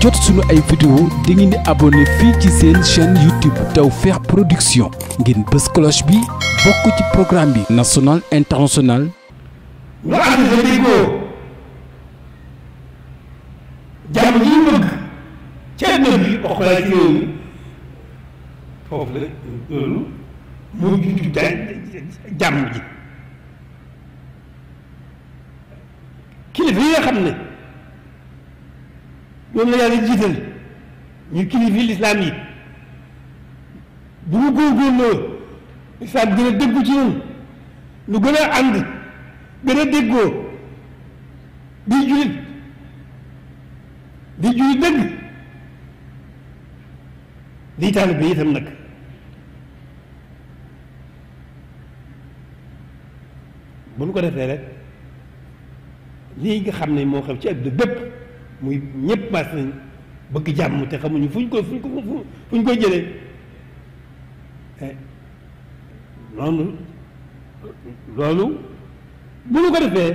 jot suñu ay vidéo da ngeen di abonné fii ci seen chaîne YouTube Tawfekh Production ngeen bës cloche bi bokk ci programme bi national international ñu ànd sa déggoo jàmm ji bëgg ci jàmm ji kilifa yi nga xam ne moom la yàlla jiital ñu kilifi lislaam yi bu ñu góorgóorloo lislaam gën a ci ñun lu gën a ànd gën a déggoo di julit di julit dëgg di taalibe itam nag bu ñu ko defee rek lii xam ne moo xam ci àdduna bépp muy ñëpp maas bëgg jàmm te xamuñu fuñ ko fuñ ko fuñ ko jëlee noonu eh, loolu bu ñu ko defee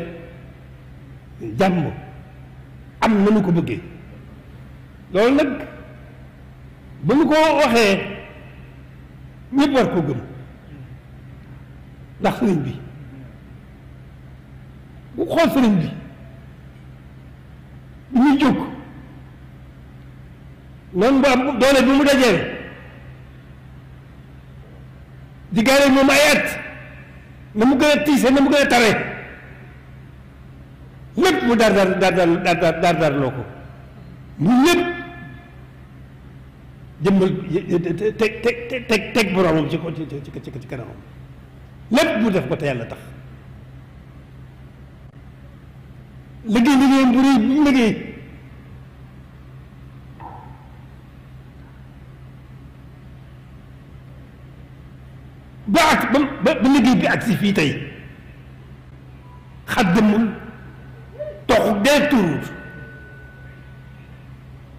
jàmm am na nu ko bëggee loolu nag bu ñu ko waxee ñëpp war ko gëm ndax sëriñ bi bu xool sëriñ bi ci jóg noonu bu doole bi mu dajeel di gaale moom ay at na mu gën a tiise na mu gën a tare lépp mu dar dar dar dar dar ko mu lépp jëmbal teg teg teg teg boromam ci ko ci ci kanamam lépp mu def ko te yàlla tax liggéey liggéeyam bu rëy liggéey ba ak ba ba liggéey bi ak si fii tey xaddamul toxu dee turuut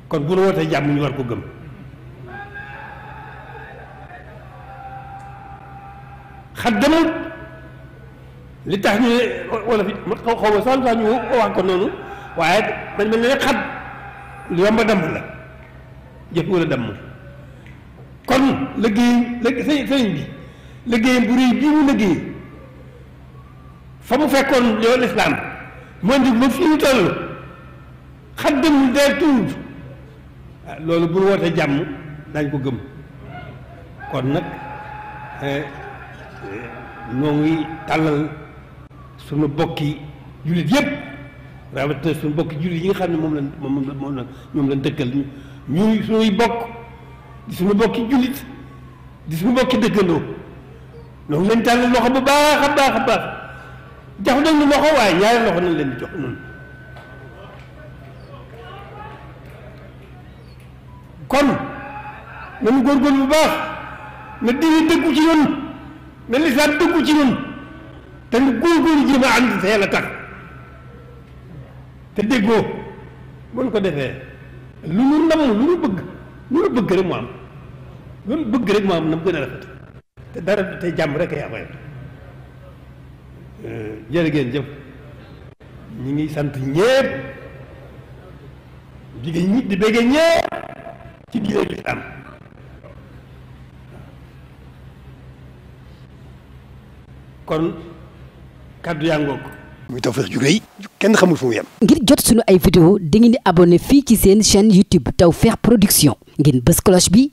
kon bu la wootee jàmm ñu war ko gëm xaddamul li tax ñu ne wala fi xaw ma ñu wax ko noonu waaye man mel ne xat lu yomb a la jëf wala damm kon liggéey sëñ sëñ bi liggéeyam bu réy bii mu liggéey fa mu fekkoon yow lislaam moo di ba fii ñu toll xaddam dee tuut ah, loolu bu wootee jàmm dañ ko gëm kon nag moom eh, ngi tàllal sunu bokki jullit yépp rawatina sunu bokki jullit yi nga xam ne moom la moom moom la ñoom lañ dëkkal ñu ñuy sunuy bokk di sunu bokki jullit di sunu bokki dëggandoo ñoo ngi leen tàllal loxo bu baax a baax a baax jox nañu loxo waaye ñaari loxo nañ leen di jox noonu kon nañu góorgóorlu bu baax na diine dëggu ci ñun na lislaam dëggu ci ñun te nu góorgóorlu jéem a ànd te yàlla tax te ko defe lu nu namm lu nu bëgg lu nu bëgg rek mu am lu nu bëgg rek mu am gën te dara te jàmm rek yaa koy euh, jërë ngeen jëf ñu ngi sant ñépp jigéen ñi di bëggee ñépp ci diine lislaam kon kàddu yaa ngoog muy Tawfekh ju rëy kenn xamul fu mu yem. ngir jot sunu ay vidéo dangeen di abonné fii ci seen chaîne YouTube Tawfekh Production ngeen bës cloche bi.